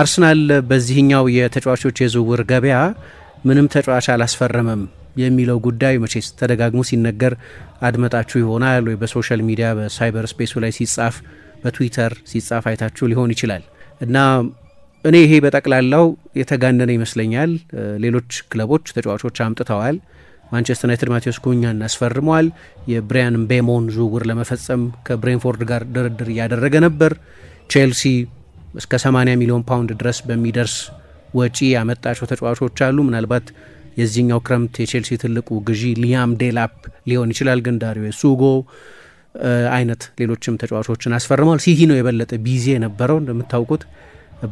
አርሰናል በዚህኛው የተጫዋቾች የዝውውር ገበያ ምንም ተጫዋች አላስፈረመም የሚለው ጉዳይ መቼስ ተደጋግሞ ሲነገር አድመጣችሁ ይሆናል ወይ በሶሻል ሚዲያ በሳይበር ስፔሱ ላይ ሲጻፍ በትዊተር ሲጻፍ አይታችሁ ሊሆን ይችላል እና እኔ ይሄ በጠቅላላው የተጋነነ ይመስለኛል። ሌሎች ክለቦች ተጫዋቾች አምጥተዋል። ማንቸስተር ዩናይትድ ማቴዎስ ኩኛን አስፈርመዋል። የብሪያን ቤሞን ዝውውር ለመፈጸም ከብሬንፎርድ ጋር ድርድር እያደረገ ነበር። ቼልሲ እስከ 80 ሚሊዮን ፓውንድ ድረስ በሚደርስ ወጪ ያመጣቸው ተጫዋቾች አሉ። ምናልባት የዚህኛው ክረምት የቼልሲ ትልቁ ግዢ ሊያም ዴላፕ ሊሆን ይችላል። ግን ዳሪዮ ሱጎ አይነት ሌሎችም ተጫዋቾችን አስፈርመዋል። ሲሂ ነው የበለጠ ቢዚ የነበረው እንደምታውቁት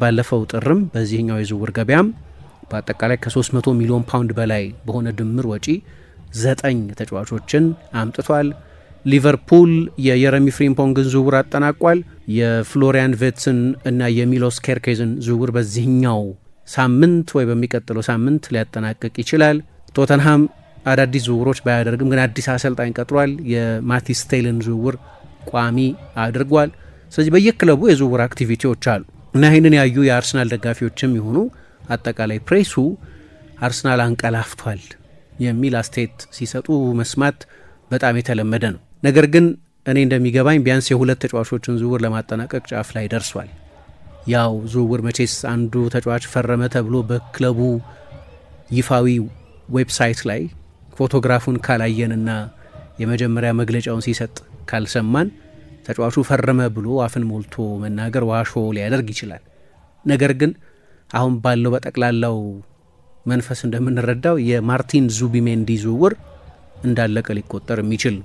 ባለፈው ጥርም በዚህኛው የዝውውር ገበያም በአጠቃላይ ከ300 ሚሊዮን ፓውንድ በላይ በሆነ ድምር ወጪ ዘጠኝ ተጫዋቾችን አምጥቷል። ሊቨርፑል የየረሚ ፍሪምፖንግን ዝውውር አጠናቋል። የፍሎሪያን ቬትስን እና የሚሎስ ኬርኬዝን ዝውውር በዚህኛው ሳምንት ወይ በሚቀጥለው ሳምንት ሊያጠናቅቅ ይችላል። ቶተንሃም አዳዲስ ዝውውሮች ባያደርግም ግን አዲስ አሰልጣኝ ቀጥሯል። የማቲስ ቴልን ዝውውር ቋሚ አድርጓል። ስለዚህ በየክለቡ የዝውውር አክቲቪቲዎች አሉ እና ይህንን ያዩ የአርሰናል ደጋፊዎችም የሆኑ አጠቃላይ ፕሬሱ አርሰናል አንቀላፍቷል የሚል አስተያየት ሲሰጡ መስማት በጣም የተለመደ ነው። ነገር ግን እኔ እንደሚገባኝ ቢያንስ የሁለት ተጫዋቾችን ዝውውር ለማጠናቀቅ ጫፍ ላይ ደርሷል። ያው ዝውውር መቼስ አንዱ ተጫዋች ፈረመ ተብሎ በክለቡ ይፋዊ ዌብሳይት ላይ ፎቶግራፉን ካላየንና የመጀመሪያ መግለጫውን ሲሰጥ ካልሰማን ተጫዋቹ ፈረመ ብሎ አፍን ሞልቶ መናገር ዋሾ ሊያደርግ ይችላል። ነገር ግን አሁን ባለው በጠቅላላው መንፈስ እንደምንረዳው የማርቲን ዙቢሜንዲ ዝውውር እንዳለቀ ሊቆጠር የሚችል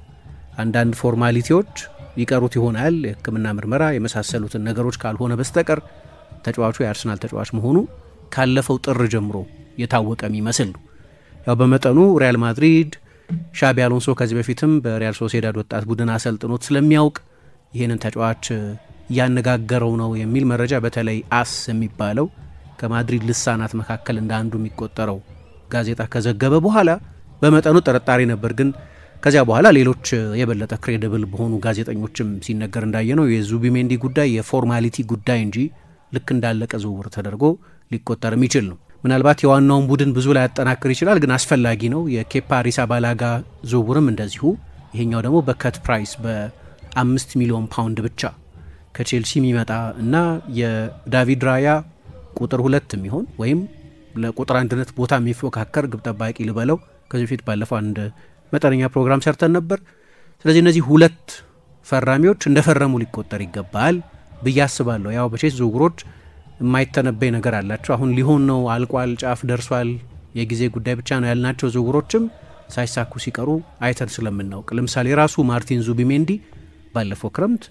አንዳንድ ፎርማሊቲዎች ይቀሩት ይሆናል፣ የህክምና ምርመራ የመሳሰሉትን ነገሮች ካልሆነ በስተቀር ተጫዋቹ የአርሰናል ተጫዋች መሆኑ ካለፈው ጥር ጀምሮ የታወቀ የሚመስል ያው በመጠኑ ሪያል ማድሪድ ሻቢ አሎንሶ ከዚህ በፊትም በሪያል ሶሴዳድ ወጣት ቡድን አሰልጥኖት ስለሚያውቅ ይህንን ተጫዋች እያነጋገረው ነው የሚል መረጃ በተለይ አስ የሚባለው ከማድሪድ ልሳናት መካከል እንደ አንዱ የሚቆጠረው ጋዜጣ ከዘገበ በኋላ በመጠኑ ጥርጣሬ ነበር ግን ከዚያ በኋላ ሌሎች የበለጠ ክሬዲብል በሆኑ ጋዜጠኞችም ሲነገር እንዳየ ነው የዙቢሜንዲ ጉዳይ የፎርማሊቲ ጉዳይ እንጂ ልክ እንዳለቀ ዝውውር ተደርጎ ሊቆጠር የሚችል ነው። ምናልባት የዋናውን ቡድን ብዙ ላይ ያጠናክር ይችላል፣ ግን አስፈላጊ ነው። የኬፓ አሪዛባላጋ ዝውውርም እንደዚሁ። ይሄኛው ደግሞ በከት ፕራይስ በአምስት ሚሊዮን ፓውንድ ብቻ ከቼልሲ የሚመጣ እና የዳቪድ ራያ ቁጥር ሁለት የሚሆን ወይም ለቁጥር አንድነት ቦታ የሚፎካከር ግብ ጠባቂ ልበለው ከዚህ በፊት ባለፈው አንድ መጠነኛ ፕሮግራም ሰርተን ነበር። ስለዚህ እነዚህ ሁለት ፈራሚዎች እንደፈረሙ ሊቆጠር ይገባል ብዬ አስባለሁ። ያው በቼስ ዝውውሮች የማይተነበይ ነገር አላቸው። አሁን ሊሆን ነው አልቋል፣ ጫፍ ደርሷል፣ የጊዜ ጉዳይ ብቻ ነው ያልናቸው ዝውውሮችም ሳይሳኩ ሲቀሩ አይተን ስለምናውቅ፣ ለምሳሌ ራሱ ማርቲን ዙቢሜንዲ ባለፈው ክረምት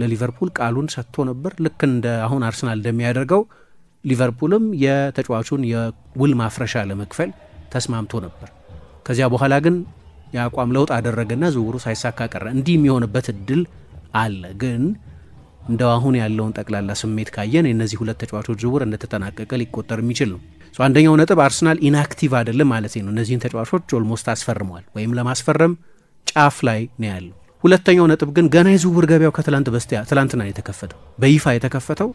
ለሊቨርፑል ቃሉን ሰጥቶ ነበር። ልክ እንደ አሁን አርሰናል እንደሚያደርገው ሊቨርፑልም የተጫዋቹን የውል ማፍረሻ ለመክፈል ተስማምቶ ነበር። ከዚያ በኋላ ግን የአቋም ለውጥ አደረገና ዝውውሩ ሳይሳካ ቀረ። እንዲህ የሚሆንበት እድል አለ። ግን እንደው አሁን ያለውን ጠቅላላ ስሜት ካየን የእነዚህ ሁለት ተጫዋቾች ዝውውር እንደተጠናቀቀ ሊቆጠር የሚችል ነው። አንደኛው ነጥብ አርሰናል ኢንአክቲቭ አይደለም ማለት ነው። እነዚህን ተጫዋቾች ኦልሞስት አስፈርመዋል ወይም ለማስፈረም ጫፍ ላይ ነው ያለው። ሁለተኛው ነጥብ ግን ገና የዝውውር ገበያው ከትላንት በስቲያ ትላንትና የተከፈተው በይፋ የተከፈተው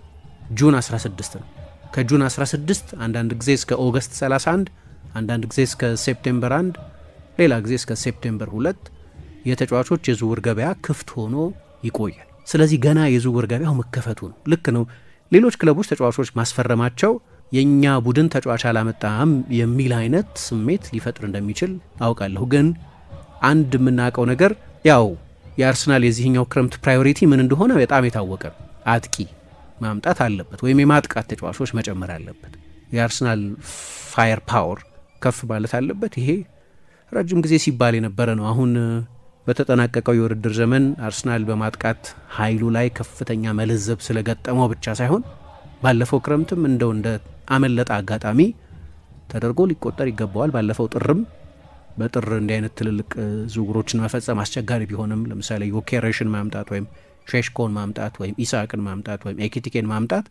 ጁን 16 ነው። ከጁን 16 አንዳንድ ጊዜ እስከ ኦገስት 31 አንዳንድ ጊዜ እስከ ሴፕቴምበር 1 ሌላ ጊዜ እስከ ሴፕቴምበር ሁለት የተጫዋቾች የዝውውር ገበያ ክፍት ሆኖ ይቆያል። ስለዚህ ገና የዝውውር ገበያው መከፈቱ ነው። ልክ ነው። ሌሎች ክለቦች ተጫዋቾች ማስፈረማቸው የእኛ ቡድን ተጫዋች አላመጣም የሚል አይነት ስሜት ሊፈጥር እንደሚችል አውቃለሁ። ግን አንድ የምናውቀው ነገር ያው የአርሰናል የዚህኛው ክረምት ፕራዮሪቲ ምን እንደሆነ በጣም የታወቀ ነው። አጥቂ ማምጣት አለበት ወይም የማጥቃት ተጫዋቾች መጨመር አለበት። የአርሰናል ፋየር ፓወር ከፍ ማለት አለበት። ይሄ ረጅም ጊዜ ሲባል የነበረ ነው። አሁን በተጠናቀቀው የውድድር ዘመን አርሰናል በማጥቃት ኃይሉ ላይ ከፍተኛ መለዘብ ስለገጠመው ብቻ ሳይሆን ባለፈው ክረምትም እንደው እንደ አመለጠ አጋጣሚ ተደርጎ ሊቆጠር ይገባዋል። ባለፈው ጥርም በጥር እንዲህ አይነት ትልልቅ ዝውውሮችን መፈጸም አስቸጋሪ ቢሆንም ለምሳሌ ዮኬሬሽን ማምጣት ወይም ሼሽኮን ማምጣት ወይም ኢሳቅን ማምጣት ወይም ኤኪቲኬን ማምጣት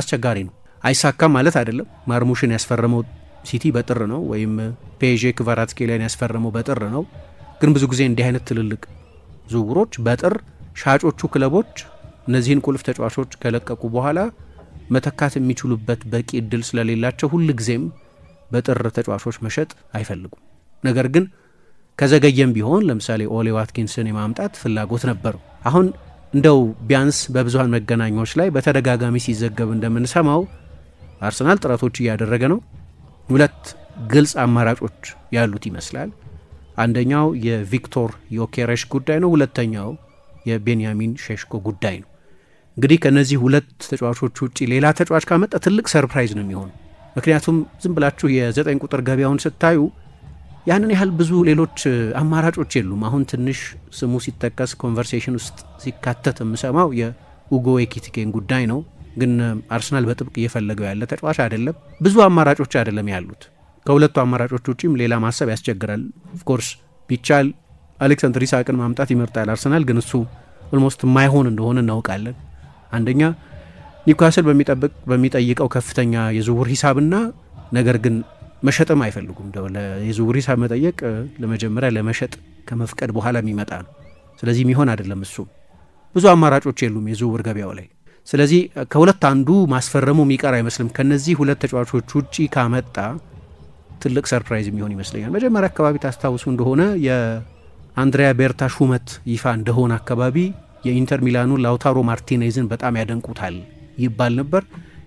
አስቸጋሪ ነው። አይሳካም ማለት አይደለም። ማርሙሽን ያስፈረመው ሲቲ በጥር ነው ወይም ፔዤ ክቫራትስኬሊያን ያስፈረመው በጥር ነው። ግን ብዙ ጊዜ እንዲህ አይነት ትልልቅ ዝውውሮች በጥር ሻጮቹ ክለቦች እነዚህን ቁልፍ ተጫዋቾች ከለቀቁ በኋላ መተካት የሚችሉበት በቂ እድል ስለሌላቸው ሁል ጊዜም በጥር ተጫዋቾች መሸጥ አይፈልጉም። ነገር ግን ከዘገየም ቢሆን ለምሳሌ ኦሌ ዋትኪንስን የማምጣት ፍላጎት ነበሩ አሁን እንደው ቢያንስ በብዙሀን መገናኛዎች ላይ በተደጋጋሚ ሲዘገብ እንደምንሰማው አርሰናል ጥረቶች እያደረገ ነው ሁለት ግልጽ አማራጮች ያሉት ይመስላል። አንደኛው የቪክቶር ዮኬሬሽ ጉዳይ ነው። ሁለተኛው የቤንያሚን ሼሽኮ ጉዳይ ነው። እንግዲህ ከእነዚህ ሁለት ተጫዋቾች ውጭ ሌላ ተጫዋች ካመጣ ትልቅ ሰርፕራይዝ ነው የሚሆኑ። ምክንያቱም ዝም ብላችሁ የዘጠኝ ቁጥር ገበያውን ስታዩ ያንን ያህል ብዙ ሌሎች አማራጮች የሉም። አሁን ትንሽ ስሙ ሲጠቀስ ኮንቨርሴሽን ውስጥ ሲካተት የምሰማው የኡጎ ኤኪቲኬን ጉዳይ ነው። ግን አርሰናል በጥብቅ እየፈለገው ያለ ተጫዋች አይደለም። ብዙ አማራጮች አይደለም ያሉት። ከሁለቱ አማራጮች ውጪም ሌላ ማሰብ ያስቸግራል። ኦፍኮርስ ቢቻል አሌክሳንድር ኢሳቅን ማምጣት ይመርጣል አርሰናል፣ ግን እሱ ኦልሞስት ማይሆን እንደሆነ እናውቃለን። አንደኛ ኒውካስል በሚጠብቅ በሚጠይቀው ከፍተኛ የዝውውር ሂሳብና ነገር ግን መሸጥም አይፈልጉም። የዝውውር ሂሳብ መጠየቅ ለመጀመሪያ ለመሸጥ ከመፍቀድ በኋላ የሚመጣ ነው። ስለዚህ የሚሆን አይደለም እሱ ብዙ አማራጮች የሉም የዝውውር ገበያው ላይ ስለዚህ ከሁለት አንዱ ማስፈረሙ የሚቀር አይመስልም። ከነዚህ ሁለት ተጫዋቾች ውጪ ካመጣ ትልቅ ሰርፕራይዝ የሚሆን ይመስለኛል። መጀመሪያ አካባቢ ታስታውሱ እንደሆነ የአንድሪያ ቤርታ ሹመት ይፋ እንደሆነ አካባቢ የኢንተር ሚላኑ ላውታሮ ማርቲኔዝን በጣም ያደንቁታል ይባል ነበር።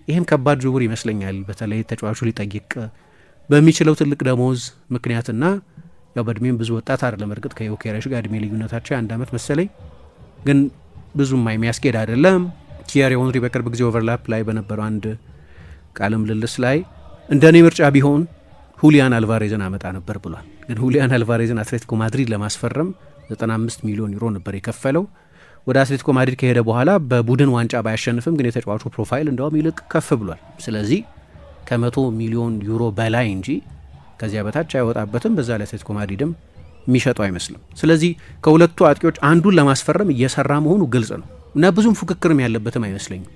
ይህም ከባድ ዝውውር ይመስለኛል። በተለይ ተጫዋቹ ሊጠይቅ በሚችለው ትልቅ ደሞዝ ምክንያትና ያው በእድሜም ብዙ ወጣት አይደለም። እርግጥ ከዮኬሬሽ ጋር እድሜ ልዩነታቸው የአንድ አመት መሰለኝ፣ ግን ብዙም የሚያስኬድ አይደለም። ቲየሪ ኦንሪ በቅርብ ጊዜ ኦቨርላፕ ላይ በነበረው አንድ ቃለ ምልልስ ላይ እንደ እኔ ምርጫ ቢሆን ሁሊያን አልቫሬዝን አመጣ ነበር ብሏል። ግን ሁሊያን አልቫሬዝን አትሌቲኮ ማድሪድ ለማስፈረም 95 ሚሊዮን ዩሮ ነበር የከፈለው። ወደ አትሌቲኮ ማድሪድ ከሄደ በኋላ በቡድን ዋንጫ ባያሸንፍም ግን የተጫዋቹ ፕሮፋይል እንደውም ይልቅ ከፍ ብሏል። ስለዚህ ከመቶ ሚሊዮን ዩሮ በላይ እንጂ ከዚያ በታች አይወጣበትም። በዛ ላይ አትሌቲኮ ማድሪድም የሚሸጠው አይመስልም። ስለዚህ ከሁለቱ አጥቂዎች አንዱን ለማስፈረም እየሰራ መሆኑ ግልጽ ነው። እና ብዙም ፉክክርም ያለበትም አይመስለኝም።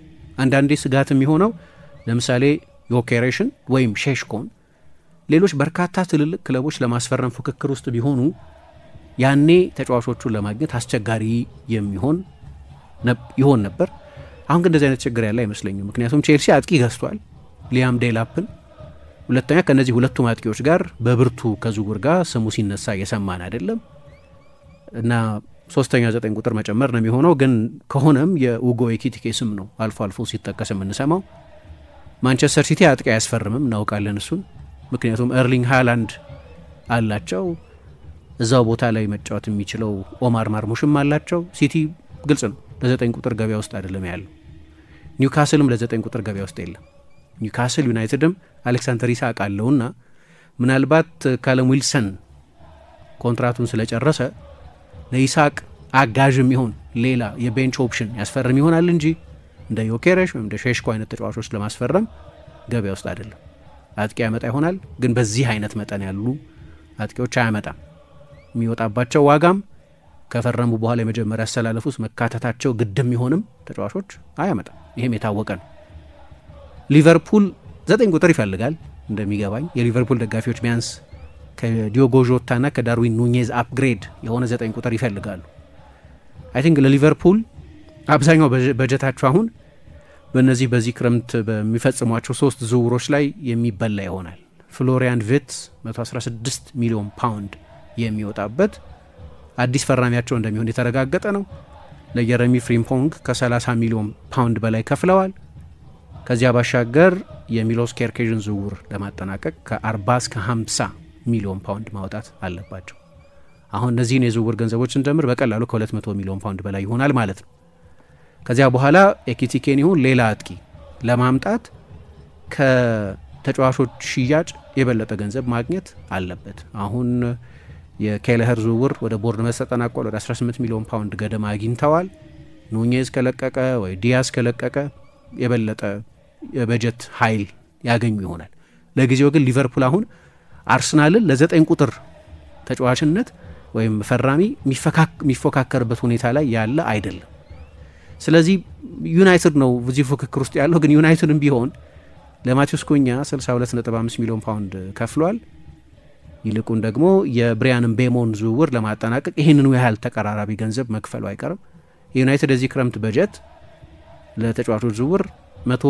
አንዳንዴ ስጋት የሚሆነው ለምሳሌ ዮኬሬሽን ወይም ሼሽኮን ሌሎች በርካታ ትልልቅ ክለቦች ለማስፈረም ፉክክር ውስጥ ቢሆኑ ያኔ ተጫዋቾቹን ለማግኘት አስቸጋሪ የሚሆን ይሆን ነበር። አሁን ግን እንደዚህ አይነት ችግር ያለ አይመስለኝም። ምክንያቱም ቼልሲ አጥቂ ገዝቷል፣ ሊያም ዴላፕን። ሁለተኛ ከእነዚህ ሁለቱም አጥቂዎች ጋር በብርቱ ከዝውውር ጋር ስሙ ሲነሳ የሰማን አይደለም እና ሶስተኛ ዘጠኝ ቁጥር መጨመር ነው የሚሆነው። ግን ከሆነም የኡጎ ኤኪቲኬ ስም ነው አልፎ አልፎ ሲጠቀስ የምንሰማው። ማንቸስተር ሲቲ አጥቂ አያስፈርምም፣ እናውቃለን እሱን። ምክንያቱም ኤርሊንግ ሃላንድ አላቸው፣ እዛው ቦታ ላይ መጫወት የሚችለው ኦማር ማርሙሽም አላቸው። ሲቲ ግልጽ ነው ለዘጠኝ ቁጥር ገበያ ውስጥ አይደለም ያለው። ኒውካስልም ለዘጠኝ ቁጥር ገበያ ውስጥ የለም። ኒውካስል ዩናይትድም አሌክሳንደር ኢሳቅ አለውና ምናልባት ካለም ዊልሰን ኮንትራቱን ስለጨረሰ ለይስሐቅ አጋዥ የሚሆን ሌላ የቤንች ኦፕሽን ያስፈርም ይሆናል እንጂ እንደ ዮኬረሽ ወይም እንደ ሼሽኮ አይነት ተጫዋቾች ለማስፈረም ገበያ ውስጥ አይደለም። አጥቂ ያመጣ ይሆናል፣ ግን በዚህ አይነት መጠን ያሉ አጥቂዎች አያመጣም። የሚወጣባቸው ዋጋም ከፈረሙ በኋላ የመጀመሪያ አሰላለፍ ውስጥ መካተታቸው ግድም ይሆንም ተጫዋቾች አያመጣም። ይህም የታወቀ ነው። ሊቨርፑል ዘጠኝ ቁጥር ይፈልጋል እንደሚገባኝ የሊቨርፑል ደጋፊዎች ቢያንስ ከዲዮጎ ና ከዳርዊን ኑኔዝ አፕግሬድ የሆነ ዘጠኝ ቁጥር ይፈልጋሉ። አይ ቲንክ ለሊቨርፑል አብዛኛው በጀታቸው አሁን በእነዚህ በዚህ ክረምት በሚፈጽሟቸው ሶስት ዝውውሮች ላይ የሚበላ ይሆናል። ፍሎሪያን ቪትስ 116 ሚሊዮን ፓውንድ የሚወጣበት አዲስ ፈራሚያቸው እንደሚሆን የተረጋገጠ ነው። ለየረሚ ፍሪምፖንግ ከ30 ሚሊዮን ፓውንድ በላይ ከፍለዋል። ከዚያ ባሻገር የሚሎስ ኬርኬዥን ዝውውር ለማጠናቀቅ ከ40 እስከ 50 ሚሊዮን ፓውንድ ማውጣት አለባቸው። አሁን እነዚህን የዝውውር ገንዘቦች ስንደምር በቀላሉ ከ200 ሚሊዮን ፓውንድ በላይ ይሆናል ማለት ነው። ከዚያ በኋላ ኤኪቲኬን ይሁን ሌላ አጥቂ ለማምጣት ከተጫዋቾች ሽያጭ የበለጠ ገንዘብ ማግኘት አለበት። አሁን የኬለኸር ዝውውር ወደ ቦርድ ተጠናቋል። ወደ 18 ሚሊዮን ፓውንድ ገደማ አግኝተዋል። ኑኜዝ ከለቀቀ ወይ ዲያስ ከለቀቀ የበለጠ የበጀት ኃይል ያገኙ ይሆናል። ለጊዜው ግን ሊቨርፑል አሁን አርሰናልን ለዘጠኝ ቁጥር ተጫዋችነት ወይም ፈራሚ የሚፎካከርበት ሁኔታ ላይ ያለ አይደለም። ስለዚህ ዩናይትድ ነው እዚህ ፉክክር ውስጥ ያለው። ግን ዩናይትድም ቢሆን ለማቴዎስ ኩኛ 62.5 ሚሊዮን ፓውንድ ከፍሏል። ይልቁን ደግሞ የብሪያን ቤሞን ዝውውር ለማጠናቀቅ ይህንኑ ያህል ተቀራራቢ ገንዘብ መክፈሉ አይቀርም። የዩናይትድ የዚህ ክረምት በጀት ለተጫዋቾች ዝውውር መቶ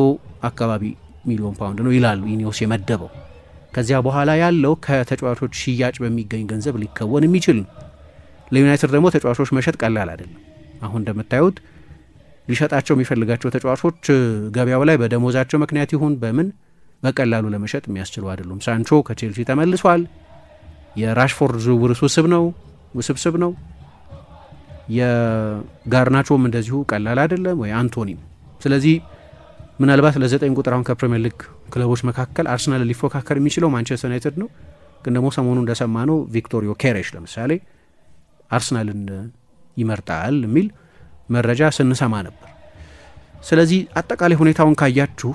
አካባቢ ሚሊዮን ፓውንድ ነው ይላሉ ኢኒዮስ የመደበው ከዚያ በኋላ ያለው ከተጫዋቾች ሽያጭ በሚገኝ ገንዘብ ሊከወን የሚችል ነው። ለዩናይትድ ደግሞ ተጫዋቾች መሸጥ ቀላል አይደለም። አሁን እንደምታዩት ሊሸጣቸው የሚፈልጋቸው ተጫዋቾች ገበያው ላይ በደሞዛቸው ምክንያት ይሁን በምን በቀላሉ ለመሸጥ የሚያስችሉ አይደሉም። ሳንቾ ከቼልሲ ተመልሷል። የራሽፎርድ ዝውውር ውስብስብ ነው ውስብስብ ነው። የጋርናቾም እንደዚሁ ቀላል አይደለም ወይ አንቶኒም። ስለዚህ ምናልባት ለዘጠኝ ቁጥር አሁን ከፕሪምየር ሊግ ክለቦች መካከል አርሰናል ሊፎካከር የሚችለው ማንቸስተር ዩናይትድ ነው። ግን ደግሞ ሰሞኑ እንደሰማ ነው ቪክቶሪዮ ኬሬሽ ለምሳሌ አርሰናልን ይመርጣል የሚል መረጃ ስንሰማ ነበር። ስለዚህ አጠቃላይ ሁኔታውን ካያችሁ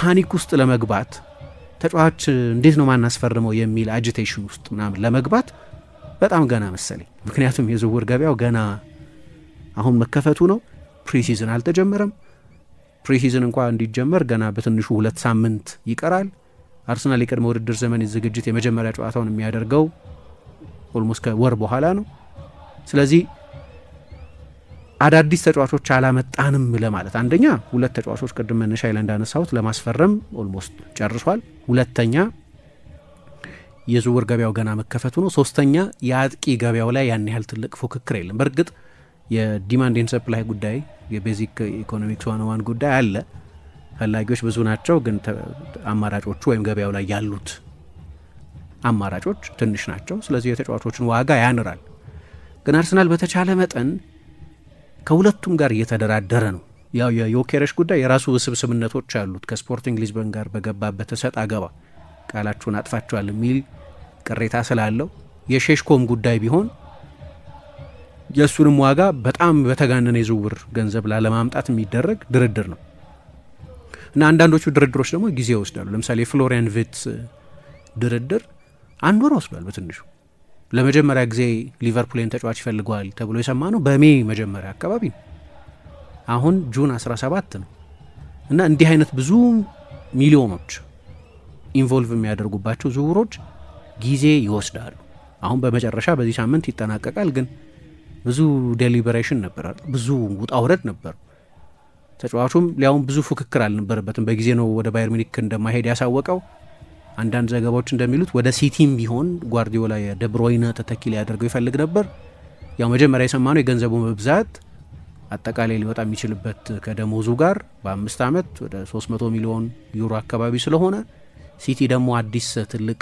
ፓኒክ ውስጥ ለመግባት ተጫዋች እንዴት ነው ማናስፈርመው የሚል አጂቴሽን ውስጥ ምናምን ለመግባት በጣም ገና መሰለኝ። ምክንያቱም የዝውውር ገበያው ገና አሁን መከፈቱ ነው። ፕሪሲዝን አልተጀመረም። ፕሪሲዝን እንኳ እንዲጀመር ገና በትንሹ ሁለት ሳምንት ይቀራል። አርሰናል የቅድመ ውድድር ዘመን ዝግጅት የመጀመሪያ ጨዋታውን የሚያደርገው ኦልሞስ ከወር በኋላ ነው። ስለዚህ አዳዲስ ተጫዋቾች አላመጣንም ለማለት አንደኛ ሁለት ተጫዋቾች ቅድም መነሻ ላይ እንዳነሳሁት ለማስፈረም ኦልሞስት ጨርሷል። ሁለተኛ የዝውውር ገበያው ገና መከፈቱ ነው። ሶስተኛ የአጥቂ ገበያው ላይ ያን ያህል ትልቅ ፉክክር የለም። በእርግጥ የዲማንድ ኤንድ ሰፕላይ ጉዳይ የቤዚክ ኢኮኖሚክስ ዋን ዋን ጉዳይ አለ። ፈላጊዎች ብዙ ናቸው፣ ግን አማራጮቹ ወይም ገበያው ላይ ያሉት አማራጮች ትንሽ ናቸው። ስለዚህ የተጫዋቾችን ዋጋ ያንራል። ግን አርሰናል በተቻለ መጠን ከሁለቱም ጋር እየተደራደረ ነው። ያው የዮኬረሽ ጉዳይ የራሱ ውስብስብነቶች አሉት። ከስፖርቲንግ ሊዝበን ጋር በገባበት እሰጥ አገባ ቃላችሁን አጥፋችኋል የሚል ቅሬታ ስላለው የሼሽኮም ጉዳይ ቢሆን የእሱንም ዋጋ በጣም በተጋነነ የዝውውር ገንዘብ ላለማምጣት የሚደረግ ድርድር ነው እና አንዳንዶቹ ድርድሮች ደግሞ ጊዜ ይወስዳሉ። ለምሳሌ የፍሎሪያን ቪትስ ድርድር አንድ ወር ወስዷል በትንሹ። ለመጀመሪያ ጊዜ ሊቨርፑልን ተጫዋች ይፈልገዋል ተብሎ የሰማ ነው በሜይ መጀመሪያ አካባቢ ነው። አሁን ጁን 17 ነው እና እንዲህ አይነት ብዙ ሚሊዮኖች ኢንቮልቭ የሚያደርጉባቸው ዝውውሮች ጊዜ ይወስዳሉ። አሁን በመጨረሻ በዚህ ሳምንት ይጠናቀቃል ግን ብዙ ዴሊበሬሽን ነበር፣ ብዙ ውጣ ውረድ ነበር። ተጫዋቹም ሊያውም ብዙ ፉክክር አልነበረበትም። በጊዜ ነው ወደ ባየር ሚኒክ እንደማይሄድ ያሳወቀው። አንዳንድ ዘገባዎች እንደሚሉት ወደ ሲቲም ቢሆን ጓርዲዮላ የደብሮይነ ተተኪ ሊያደርገው ይፈልግ ነበር። ያው መጀመሪያ የሰማነው የገንዘቡ መብዛት አጠቃላይ ሊወጣ የሚችልበት ከደሞዙ ጋር በአምስት ዓመት ወደ 300 ሚሊዮን ዩሮ አካባቢ ስለሆነ ሲቲ ደግሞ አዲስ ትልቅ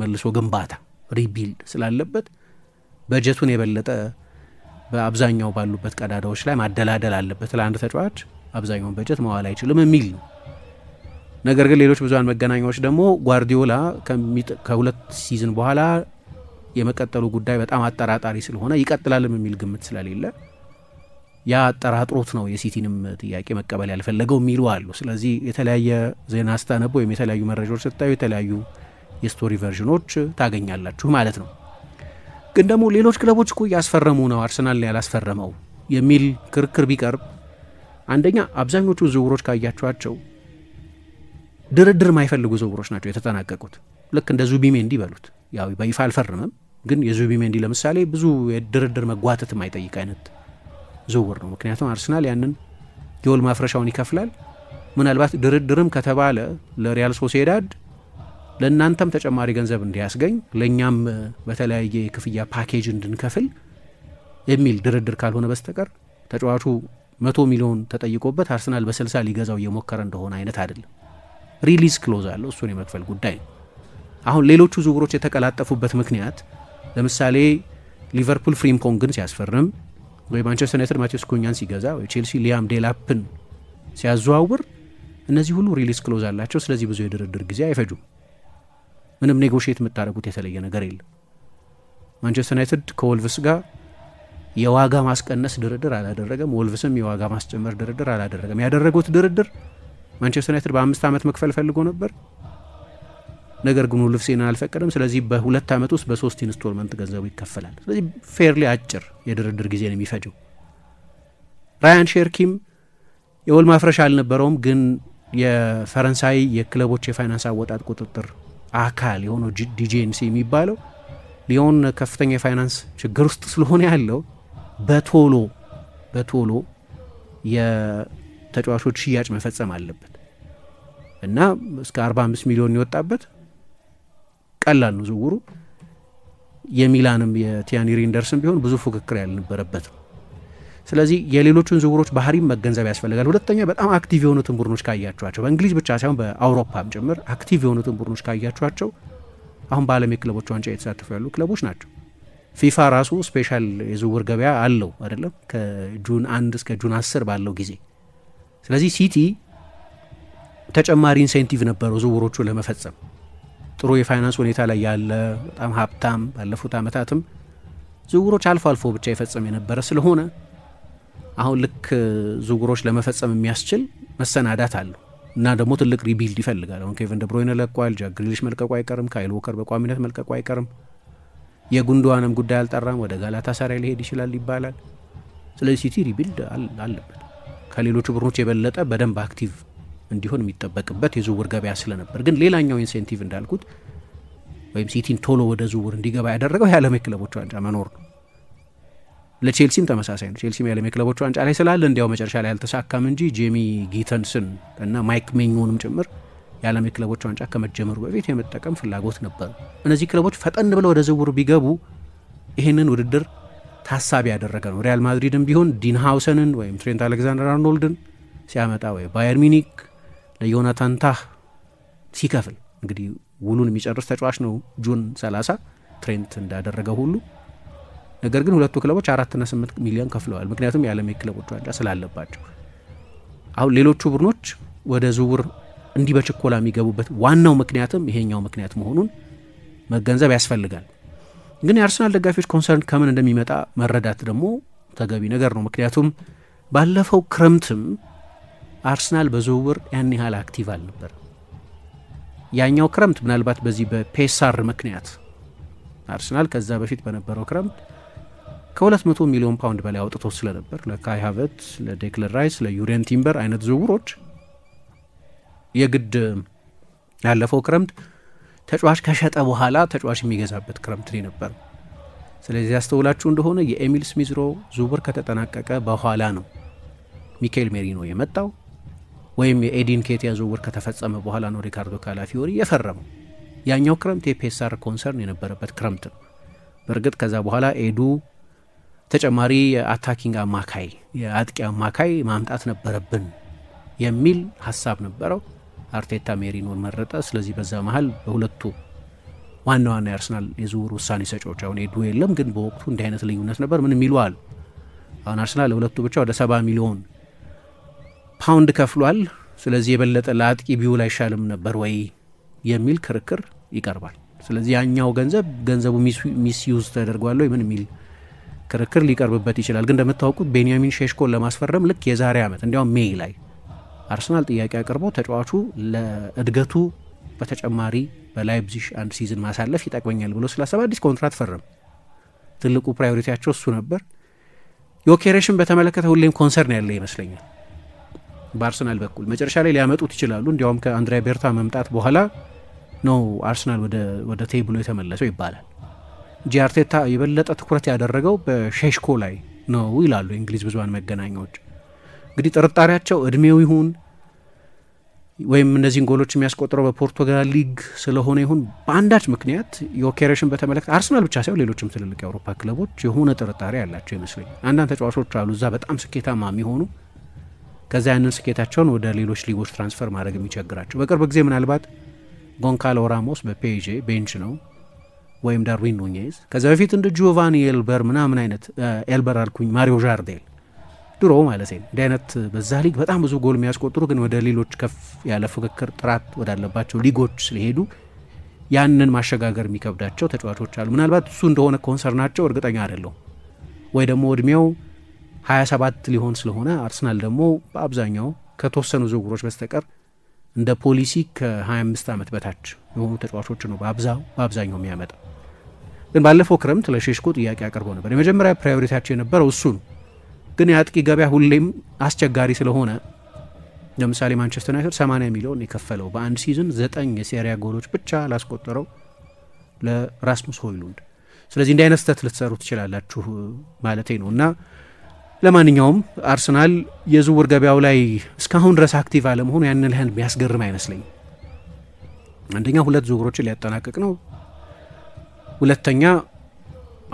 መልሶ ግንባታ ሪቢልድ ስላለበት በጀቱን የበለጠ በአብዛኛው ባሉበት ቀዳዳዎች ላይ ማደላደል አለበት። ለአንድ ተጫዋች አብዛኛውን በጀት መዋል አይችልም የሚል ነው። ነገር ግን ሌሎች ብዙን መገናኛዎች ደግሞ ጓርዲዮላ ከሁለት ሲዝን በኋላ የመቀጠሉ ጉዳይ በጣም አጠራጣሪ ስለሆነ ይቀጥላልም የሚል ግምት ስለሌለ ያ አጠራጥሮት ነው የሲቲንም ጥያቄ መቀበል ያልፈለገው የሚሉ አሉ። ስለዚህ የተለያየ ዜና ስታነብ ወይም የተለያዩ መረጃዎች ስታዩ የተለያዩ የስቶሪ ቨርዥኖች ታገኛላችሁ ማለት ነው። ግን ደግሞ ሌሎች ክለቦች እኮ እያስፈረሙ ነው አርሰናል ያላስፈረመው የሚል ክርክር ቢቀርብ አንደኛ አብዛኞቹ ዝውውሮች ካያቸዋቸው ድርድር የማይፈልጉ ዝውውሮች ናቸው የተጠናቀቁት። ልክ እንደ ዙቢሜንዲ በሉት ያው በይፋ አልፈርምም፣ ግን የዙቢሜንዲ ለምሳሌ ብዙ የድርድር መጓተት የማይጠይቅ አይነት ዝውውር ነው። ምክንያቱም አርሰናል ያንን የወል ማፍረሻውን ይከፍላል። ምናልባት ድርድርም ከተባለ ለሪያል ሶሴዳድ ለእናንተም ተጨማሪ ገንዘብ እንዲያስገኝ ለእኛም በተለያየ የክፍያ ፓኬጅ እንድንከፍል የሚል ድርድር ካልሆነ በስተቀር ተጫዋቹ መቶ ሚሊዮን ተጠይቆበት አርሰናል በስልሳ ሊገዛው እየሞከረ እንደሆነ አይነት አይደለም። ሪሊዝ ክሎዝ አለው፣ እሱን የመክፈል ጉዳይ ነው። አሁን ሌሎቹ ዝውውሮች የተቀላጠፉበት ምክንያት ለምሳሌ ሊቨርፑል ፍሪምፖንግን ሲያስፈርም ወይ ማንቸስተር ዩናይትድ ማቴዎስ ኩኛን ሲገዛ ወይ ቼልሲ ሊያም ዴላፕን ሲያዘዋውር እነዚህ ሁሉ ሪሊዝ ክሎዝ አላቸው። ስለዚህ ብዙ የድርድር ጊዜ አይፈጁም። ምንም ኔጎሽት የምታደርጉት የተለየ ነገር የለም። ማንቸስተር ዩናይትድ ከወልቭስ ጋር የዋጋ ማስቀነስ ድርድር አላደረገም። ወልቭስም የዋጋ ማስጨመር ድርድር አላደረገም። ያደረጉት ድርድር ማንቸስተር ዩናይትድ በአምስት ዓመት መክፈል ፈልጎ ነበር፣ ነገር ግን ወልቭስ ይህን አልፈቀደም። ስለዚህ በሁለት ዓመት ውስጥ በሶስት ኢንስቶልመንት ገንዘቡ ይከፈላል። ስለዚህ ፌርሊ አጭር የድርድር ጊዜ ነው የሚፈጀው። ራያን ሼርኪም የወል ማፍረሻ አልነበረውም፣ ግን የፈረንሳይ የክለቦች የፋይናንስ አወጣት ቁጥጥር አካል የሆነው ዲጄኤምሲ የሚባለው ሊሆን ከፍተኛ የፋይናንስ ችግር ውስጥ ስለሆነ ያለው በቶሎ በቶሎ የተጫዋቾች ሽያጭ መፈጸም አለበት እና እስከ 45 ሚሊዮን የወጣበት ቀላል ነው ዝውውሩ። የሚላንም የቲያኒ ሪንደርስም ቢሆን ብዙ ፉክክር ያልነበረበት ነው። ስለዚህ የሌሎቹን ዝውውሮች ባህሪም መገንዘብ ያስፈልጋል። ሁለተኛ በጣም አክቲቭ የሆኑትን ቡድኖች ካያቸዋቸው በእንግሊዝ ብቻ ሳይሆን በአውሮፓም ጭምር አክቲቭ የሆኑትን ቡድኖች ካያቸዋቸው አሁን በዓለም የክለቦች ዋንጫ የተሳተፉ ያሉ ክለቦች ናቸው። ፊፋ ራሱ ስፔሻል የዝውውር ገበያ አለው አይደለም? ከጁን አንድ እስከ ጁን አስር ባለው ጊዜ። ስለዚህ ሲቲ ተጨማሪ ኢንሴንቲቭ ነበረው ዝውውሮቹ ለመፈጸም ጥሩ የፋይናንስ ሁኔታ ላይ ያለ በጣም ሀብታም ባለፉት አመታትም ዝውውሮች አልፎ አልፎ ብቻ የፈጸም የነበረ ስለሆነ አሁን ልክ ዝውውሮች ለመፈጸም የሚያስችል መሰናዳት አለው እና ደግሞ ትልቅ ሪቢልድ ይፈልጋል። አሁን ኬቨን ደብሮይነ ለቋል፣ ጃክ ግሪሊሽ መልቀቁ አይቀርም፣ ካይል ወከር በቋሚነት መልቀቁ አይቀርም። የጉንዶዋንም ጉዳይ አልጠራም፣ ወደ ጋላታ ሳራይ ሊሄድ ይችላል ይባላል። ስለዚህ ሲቲ ሪቢልድ አለበት። ከሌሎቹ ቡድኖች የበለጠ በደንብ አክቲቭ እንዲሆን የሚጠበቅበት የዝውውር ገበያ ስለነበር፣ ግን ሌላኛው ኢንሴንቲቭ እንዳልኩት ወይም ሲቲን ቶሎ ወደ ዝውውር እንዲገባ ያደረገው የዓለም ክለቦች ዋንጫ መኖር ነው። ለቼልሲም ተመሳሳይ ነው። ቼልሲም የዓለም የክለቦች ዋንጫ ላይ ስላለ እንዲያው መጨረሻ ላይ አልተሳካም እንጂ ጄሚ ጊተንስን እና ማይክ ሜኞንም ጭምር የዓለም የክለቦች ዋንጫ ከመጀመሩ በፊት የመጠቀም ፍላጎት ነበር። እነዚህ ክለቦች ፈጠን ብለው ወደ ዝውውር ቢገቡ ይህንን ውድድር ታሳቢ ያደረገ ነው። ሪያል ማድሪድም ቢሆን ዲን ሃውሰንን ወይም ትሬንት አሌክዛንደር አርኖልድን ሲያመጣ ወይ ባየር ሚኒክ ለዮናታን ታህ ሲከፍል እንግዲህ ውሉን የሚጨርስ ተጫዋች ነው ጁን 30 ትሬንት እንዳደረገ ሁሉ ነገር ግን ሁለቱ ክለቦች አራትና ስምንት ሚሊዮን ከፍለዋል። ምክንያቱም የዓለም የክለቦች ዋንጫ ስላለባቸው። አሁን ሌሎቹ ቡድኖች ወደ ዝውውር እንዲህ በችኮላ የሚገቡበት ዋናው ምክንያትም ይሄኛው ምክንያት መሆኑን መገንዘብ ያስፈልጋል። ግን የአርሰናል ደጋፊዎች ኮንሰርን ከምን እንደሚመጣ መረዳት ደግሞ ተገቢ ነገር ነው። ምክንያቱም ባለፈው ክረምትም አርሰናል በዝውውር ያን ያህል አክቲቭ አልነበር። ያኛው ክረምት ምናልባት በዚህ በፔሳር ምክንያት አርሰናል ከዛ በፊት በነበረው ክረምት ከ200 ሚሊዮን ፓውንድ በላይ አውጥቶ ስለነበር ለካይ ሃቨርት፣ ለዴክለን ራይስ፣ ለዩሪየን ቲምበር አይነት ዝውውሮች የግድ ያለፈው ክረምት ተጫዋች ከሸጠ በኋላ ተጫዋች የሚገዛበት ክረምት ነበር። ስለዚህ ያስተውላችሁ እንደሆነ የኤሚል ስሚዝሮ ዝውውር ከተጠናቀቀ በኋላ ነው ሚካኤል ሜሪኖ የመጣው ወይም የኤዲን ኬቲያ ዝውውር ከተፈጸመ በኋላ ነው ሪካርዶ ካላፊዮሪ የፈረመው። ያኛው ክረምት የፔሳር ኮንሰርን የነበረበት ክረምት ነው። በእርግጥ ከዛ በኋላ ኤዱ ተጨማሪ የአታኪንግ አማካይ የአጥቂ አማካይ ማምጣት ነበረብን የሚል ሀሳብ ነበረው። አርቴታ ሜሪኖን መረጠ። ስለዚህ በዛ መሀል በሁለቱ ዋና ዋና የአርሰናል የዝውውር ውሳኔ ሰጪዎች አሁን ኤዱ የለም፣ ግን በወቅቱ እንዲህ አይነት ልዩነት ነበር። ምን የሚሉ አሉ። አሁን አርሰናል ለሁለቱ ብቻ ወደ ሰባ ሚሊዮን ፓውንድ ከፍሏል። ስለዚህ የበለጠ ለአጥቂ ቢውል አይሻልም ነበር ወይ የሚል ክርክር ይቀርባል። ስለዚህ ያኛው ገንዘብ ገንዘቡ ሚስዩዝ ተደርጓል ምን የሚል ክርክር ሊቀርብበት ይችላል። ግን እንደምታውቁት ቤንያሚን ሼሽኮን ለማስፈረም ልክ የዛሬ ዓመት እንዲያውም ሜይ ላይ አርሰናል ጥያቄ አቅርቦ ተጫዋቹ ለእድገቱ በተጨማሪ በላይፕዚሽ አንድ ሲዝን ማሳለፍ ይጠቅመኛል ብሎ ስላሰበ አዲስ ኮንትራት ፈረም። ትልቁ ፕራዮሪቲያቸው እሱ ነበር። ዮኬሬሽን በተመለከተ ሁሌም ኮንሰርን ያለ ይመስለኛል በአርሰናል በኩል መጨረሻ ላይ ሊያመጡት ይችላሉ። እንዲያውም ከአንድሪያ ቤርታ መምጣት በኋላ ነው አርሰናል ወደ ቴብሎ የተመለሰው ይባላል። ጂአርቴታ አርቴታ የበለጠ ትኩረት ያደረገው በሼሽኮ ላይ ነው ይላሉ የእንግሊዝ ብዙን መገናኛዎች። እንግዲህ ጥርጣሬያቸው እድሜው ይሁን ወይም እነዚህን ጎሎች የሚያስቆጥረው በፖርቱጋል ሊግ ስለሆነ ይሁን በአንዳች ምክንያት ዮኬሬሽን በተመለከተ አርሰናል ብቻ ሳይሆን ሌሎችም ትልልቅ የአውሮፓ ክለቦች የሆነ ጥርጣሬ ያላቸው ይመስለኝ። አንዳንድ ተጫዋቾች አሉ እዛ በጣም ስኬታማ የሚሆኑ ከዛ ያንን ስኬታቸውን ወደ ሌሎች ሊጎች ትራንስፈር ማድረግ የሚቸግራቸው። በቅርብ ጊዜ ምናልባት ጎንካሎ ራሞስ በፔጄ ቤንች ነው ወይም ዳርዊን ኑኔዝ ከዚያ በፊት እንደ ጆቫኒ ኤልበር ምናምን አይነት ኤልበር አልኩኝ ማሪዮ ዣርዴል ድሮ ማለት ነው። እንዲህ አይነት በዛ ሊግ በጣም ብዙ ጎል የሚያስቆጥሩ ግን ወደ ሌሎች ከፍ ያለ ፉክክር ጥራት ወዳለባቸው ሊጎች ስለሄዱ ያንን ማሸጋገር የሚከብዳቸው ተጫዋቾች አሉ። ምናልባት እሱ እንደሆነ ኮንሰርናቸው እርግጠኛ አይደለሁም። ወይ ደግሞ እድሜው 27 ሊሆን ስለሆነ አርሰናል ደግሞ በአብዛኛው ከተወሰኑ ዝውውሮች በስተቀር እንደ ፖሊሲ ከ25 ዓመት በታች የሆኑ ተጫዋቾች ነው በአብዛኛው የሚያመጣው። ግን ባለፈው ክረምት ለሼሽኮ ጥያቄ አቅርቦ ነበር። የመጀመሪያ ፕራዮሪቲያቸው የነበረው እሱ ነው። ግን የአጥቂ ገበያ ሁሌም አስቸጋሪ ስለሆነ ለምሳሌ ማንቸስተር ዩናይትድ 80 ሚሊዮን የከፈለው በአንድ ሲዝን ዘጠኝ የሴሪያ ጎሎች ብቻ ላስቆጠረው ለራስሙስ ሆይሉንድ። ስለዚህ እንዲህ አይነት ስህተት ልትሰሩ ትችላላችሁ ማለቴ ነው እና ለማንኛውም አርሰናል የዝውውር ገበያው ላይ እስካሁን ድረስ አክቲቭ አለመሆኑ ያንን ያህል የሚያስገርም አይመስለኝም። አንደኛ ሁለት ዝውውሮችን ሊያጠናቀቅ ነው። ሁለተኛ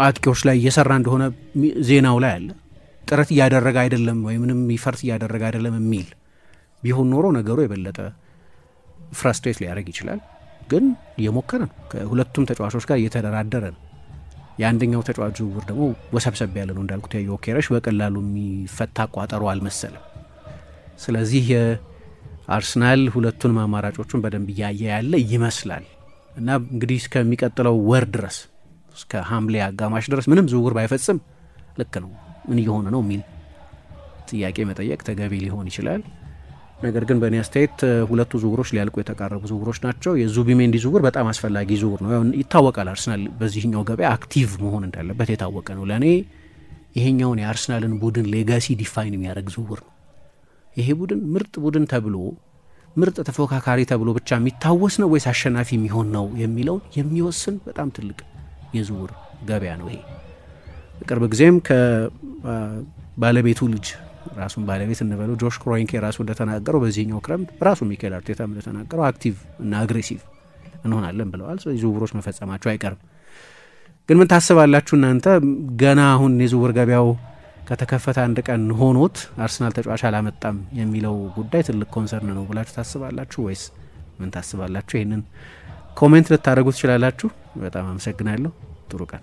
አጥቂዎች ላይ እየሰራ እንደሆነ ዜናው ላይ አለ። ጥረት እያደረገ አይደለም ወይ ምንም ይፈርስ እያደረገ አይደለም የሚል ቢሆን ኖሮ ነገሩ የበለጠ ፍራስትሬት ሊያደርግ ይችላል። ግን እየሞከረ ነው። ከሁለቱም ተጫዋቾች ጋር እየተደራደረ ነው። የአንደኛው ተጫዋች ዝውውር ደግሞ ወሰብሰብ ያለ ነው እንዳልኩት፣ ያየ ኬረሽ በቀላሉ የሚፈታ ቋጠሮ አልመሰለም። ስለዚህ የአርሰናል ሁለቱንም አማራጮቹን በደንብ እያየ ያለ ይመስላል እና እንግዲህ እስከሚቀጥለው ወር ድረስ እስከ ሐምሌ አጋማሽ ድረስ ምንም ዝውውር ባይፈጽም ልክ ነው ምን እየሆነ ነው የሚል ጥያቄ መጠየቅ ተገቢ ሊሆን ይችላል። ነገር ግን በእኔ አስተያየት ሁለቱ ዝውውሮች ሊያልቁ የተቃረቡ ዝውውሮች ናቸው። የዙቢሜንዲ ዝውውር በጣም አስፈላጊ ዝውውር ነው። ይታወቃል አርሰናል በዚህኛው ገበያ አክቲቭ መሆን እንዳለበት የታወቀ ነው። ለእኔ ይሄኛውን የአርሰናልን ቡድን ሌጋሲ ዲፋይን የሚያደርግ ዝውውር ነው። ይሄ ቡድን ምርጥ ቡድን ተብሎ ምርጥ ተፎካካሪ ተብሎ ብቻ የሚታወስ ነው ወይስ አሸናፊ የሚሆን ነው የሚለውን የሚወስን በጣም ትልቅ የዝውውር ገበያ ነው። ይሄ ቅርብ ጊዜም ከባለቤቱ ልጅ ራሱን ባለቤት እንበለው ጆሽ ክሮይንኬ ራሱ እንደተናገረው በዚህኛው ክረምት ራሱ ሚካኤል አርቴታ እንደተናገረው አክቲቭ እና አግሬሲቭ እንሆናለን ብለዋል። ስለዚህ ዝውውሮች መፈጸማቸው አይቀርም። ግን ምን ታስባላችሁ እናንተ? ገና አሁን የዝውውር ገበያው ከተከፈተ አንድ ቀን ሆኖት አርሰናል ተጫዋች አላመጣም የሚለው ጉዳይ ትልቅ ኮንሰርን ነው ብላችሁ ታስባላችሁ ወይስ ምን ታስባላችሁ? ይህንን ኮሜንት ልታደርጉ ትችላላችሁ። በጣም አመሰግናለሁ። ጥሩ ቀን